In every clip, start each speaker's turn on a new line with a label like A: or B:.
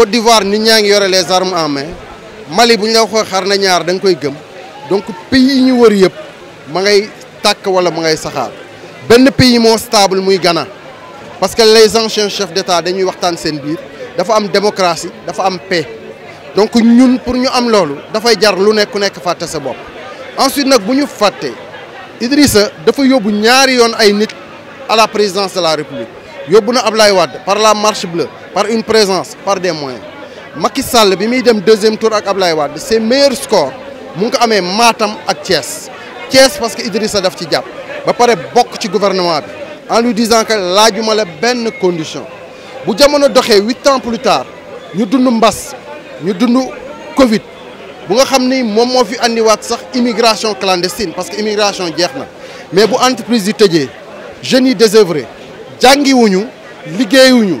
A: Côte d'Ivoire nit ñaa ngi les armes en main Mali bu ñu la waxee xar na ñaar da koy gëm donc pays yi ñu wër yëpp ma ngay tàkk wala ma ngay saxaar benn pays moo stable muy Ghana parce que les anciens chefs d'État dañuy waxtaan seen biir dafa am démocratie dafa am paix donc ñun pour ñu am loolu dafay jar lu nekk ku nekk fàtte sa bopp ensuite nag bu ñu Idrissa dafa yóbbu ñaari yon ay nit à la présidence de la République yóbbu na Ablaye Wade par la marche bleue par une présence par des moyens Macky Sall bi muy deuxième tour avec Ablaye Wade ses meilleurs scores mu ngi Matam ak Thiès Thiès parce que Idrissa daf ci Il ba pare beaucoup ci gouvernement en lui disant que laajuma la benn condition bu jamono doxee 8 ans plus tard nous dund eu ñu dund Covid bu nga xam ni moom moo fi andiwaat sax immigration clandestine parce que immigration jeex na mais bu entreprise yi tëjee désœuvré, yi désœuvrés jàngiwuñu liggéeyuñu.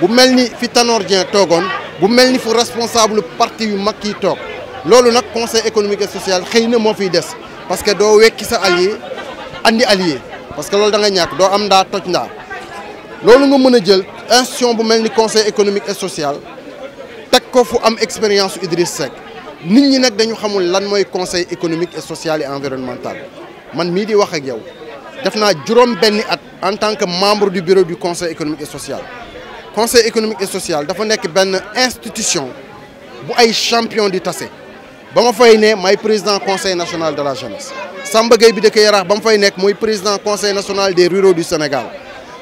A: bu mel ni fi Tanor Dieng toogoon bu mel ni fu responsable parti yu mag yi toog loolu conseil économique et social xëy na moo fiy des parce que doo wekki sa allié andi allié parce que loolu da nga ñàkk doo am ndaa toj ndaa loolu nga mën a jël institution bu mel conseil économique et social teg ko fu am expérience su Idriss Seck nit ñi nag dañu xamul lan mooy conseil économique et social et environnemental man mii di wax ak yow def naa juróom at en tant que membre du bureau du conseil économique et social conseil économique et social dafa une institution qui est champion du Tassé. Je suis fay président conseil national de la jeunesse Samba Gaye bi je suis le président conseil national des ruraux du Sénégal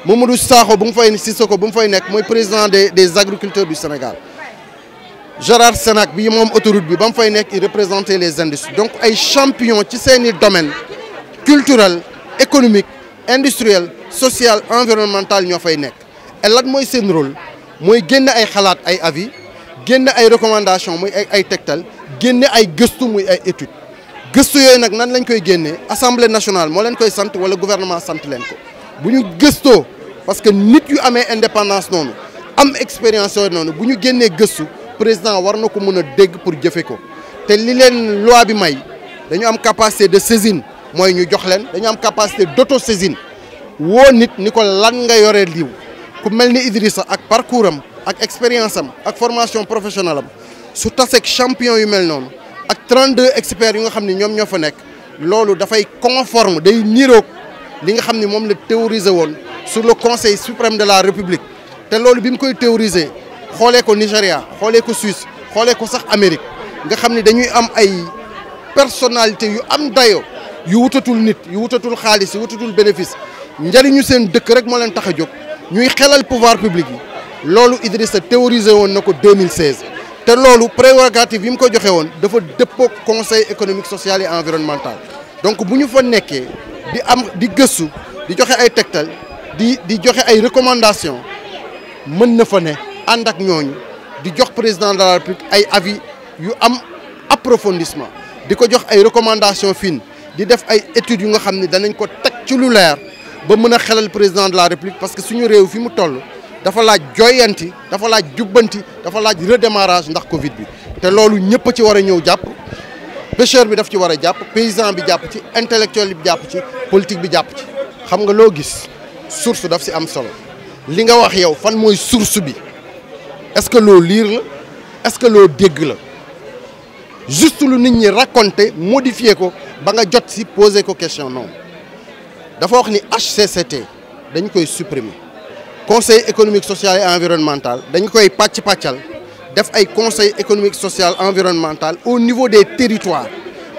A: Mamadou Sakho bu suis fay président des agriculteurs du Sénégal Gérard Sénac bi moom autoroute il les industries donc ay champion ci seeni domaine culturel économique industriel social environnemental lan moy sen rôle moy ay ay avis ay recommandation moy ay tektal ay gestu moy ay étude gestu nan lañ assemblée nationale mo leen koy sante wala gouvernement sante ko parce que nit yu une indépendance nonu am expérience nonu buñu je président na dégg pour jëfe ko té li leen loi bi may dañu am capacité de saisine moy ñu jox am capacité nit niko nga ku mel Idrissa parcours expérience formation professionnelle champion yu mel 32 experts yu nga conforme day niro théorisé sur le conseil suprême de la république té lolu koy théorisé xolé ko Nigeria Suisse xolé ko Amérique nga dañuy am ay personnalité yu am dayo yu wutatul nit yu wutatul yu bénéfice rek ñuy le pouvoir public yi loolu Idrissa théorisé en na 2016 te loolu prérogative yi mu ko joxe woon dafa conseil économique social et environnemental donc bu ñu fa nekkee di am di gëstu di joxe ay tegtal di di joxe ay recommandations mën na fa ne ànd ak di jox président de la République ay avis yu am approfondissement di ko jox ay recommandations fines di def ay études yu nga xam ne danañ ko ci lu leer ba mën a président de la république parce que suñu réew fi mu toll dafa laaj joyanti dafa laaj jubbanti dafa laaj redémarrage ndax Covid bi te loolu ñëpp a ci war a ñëw jàpp pêcheur bi daf ci war a jàpp paysan bi jàpp ci intellectuel bi jàpp ci politique bi jàpp ci xam nga loo gis source daf si am solo li nga wax yow fan mooy source bi est-ce que loo liir est-ce que loo dégg la juste lu nit ñi raconter modifier ko ba nga jot si poser ko question non D'abord, wax ni HCCT dañ koy conseil économique social et environnemental dañ koy pàcc pàccal def ay conseil économique social environnemental au niveau des territoires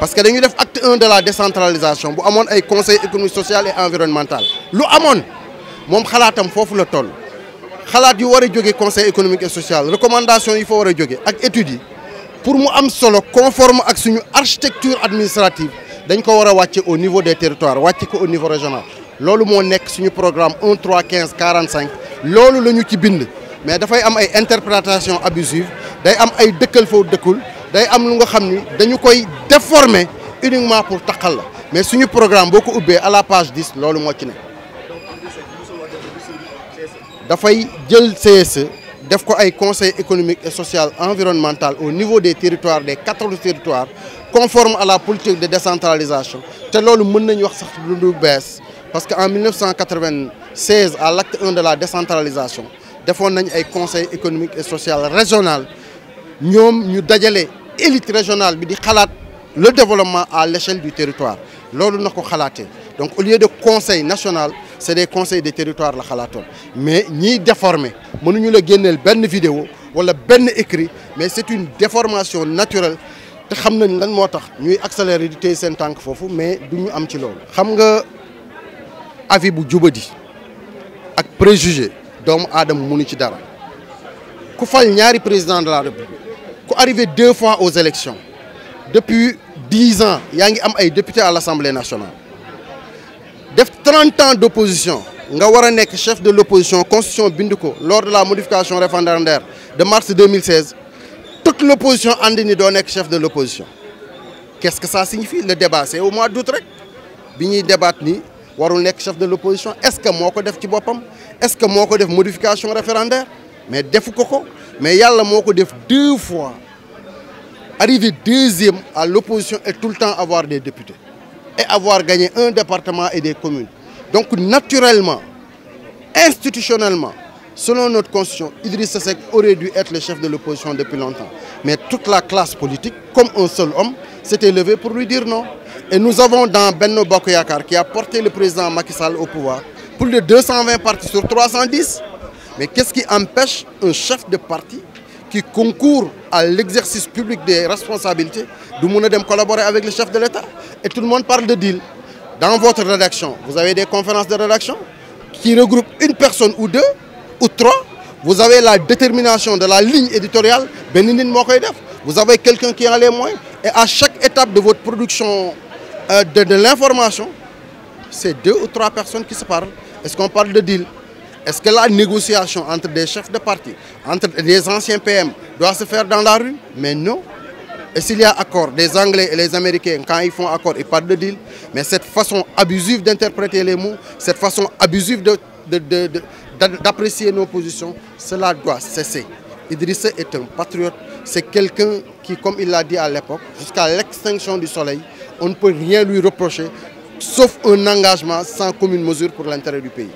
A: parce que nous def acte 1 de la décentralisation bu amoon ay conseil économique social et environnemental lu Amon, moom xalaatam il la toll tol. yu du a conseil économique et social recommandation recommandations faut war a ak études pour mu am solo conforme ak suñu architecture administrative dañ ko le a au niveau des territoires ko au niveau régional loolu moo nekk suñu programme 1 3 15 45 loolu la ñu ci bind mais dafay am ay interprétation abusive day am ay dëkkal foo dëkkul day am lu nga xam dañu koy déformer uniquement pour taqal la mais suñu programme boo ko à la page 10 loolu moo ci nekk dafay jël CSE des ko un conseil économique et social environnemental au niveau des territoires des 14 territoires conforme à la politique de décentralisation C'est ce que nous avons sax parce qu'en 1996 à l'acte 1 de la décentralisation defoon nañ un conseil économique et social régional Nous avons fait élite régionale le développement à l'échelle du territoire que nous avons fait. donc au lieu de conseil national c'est des conseils des territoires la sont mais déformés. déformer mënuñu la génneel benn vidéo wala benn écrit mais c'est une déformation naturelle Nous xam accéléré, lan moo nous ñuy accélérer di téye seen tànk mais nous am ci xam nga avis bu jubadi ak préjugé doomu aadama munu ci dara ku président de la république est arrivé deux fois aux élections depuis dix ans il y am des députés à l'Assemblée nationale. Depuis 30 ans d'opposition nga chef de l'opposition constitution lors de la modification référendaire de mars 2016 toute l'opposition a chef de l'opposition qu'est-ce que ça signifie le débat c'est au mois d'août rek nous débat, chef de l'opposition est-ce que je suis def est-ce que modification référendaire mais il y a mais le deux fois arriver deuxième à l'opposition et tout le temps avoir des députés et avoir gagné un département et des communes. Donc naturellement, institutionnellement, selon notre constitution, Idriss Seck aurait dû être le chef de l'opposition depuis longtemps. Mais toute la classe politique, comme un seul homme, s'est élevée pour lui dire non. Et nous avons dans Benno Bakoyakar, qui a porté le président Macky Sall au pouvoir, plus de 220 partis sur 310. Mais qu'est-ce qui empêche un chef de parti qui concourent à l'exercice public des responsabilités, de nous collaborer avec les chefs de l'État. Et tout le monde parle de deal. Dans votre rédaction, vous avez des conférences de rédaction qui regroupent une personne ou deux ou trois. Vous avez la détermination de la ligne éditoriale. Ben vous avez quelqu'un qui a les moins. Et à chaque étape de votre production euh, de l'information, c'est deux ou trois personnes qui se parlent. Est-ce qu'on parle de deal est-ce que la négociation entre des chefs de parti, entre des anciens PM, doit se faire dans la rue Mais non. Et s'il y a accord, des Anglais et les Américains, quand ils font accord, ils parlent de deal. Mais cette façon abusive d'interpréter les mots, cette façon abusive d'apprécier nos positions, cela doit cesser. Idrissé est un patriote, c'est quelqu'un qui, comme il l'a dit à l'époque, jusqu'à l'extinction du soleil, on ne peut rien lui reprocher, sauf un engagement sans commune mesure pour l'intérêt du pays.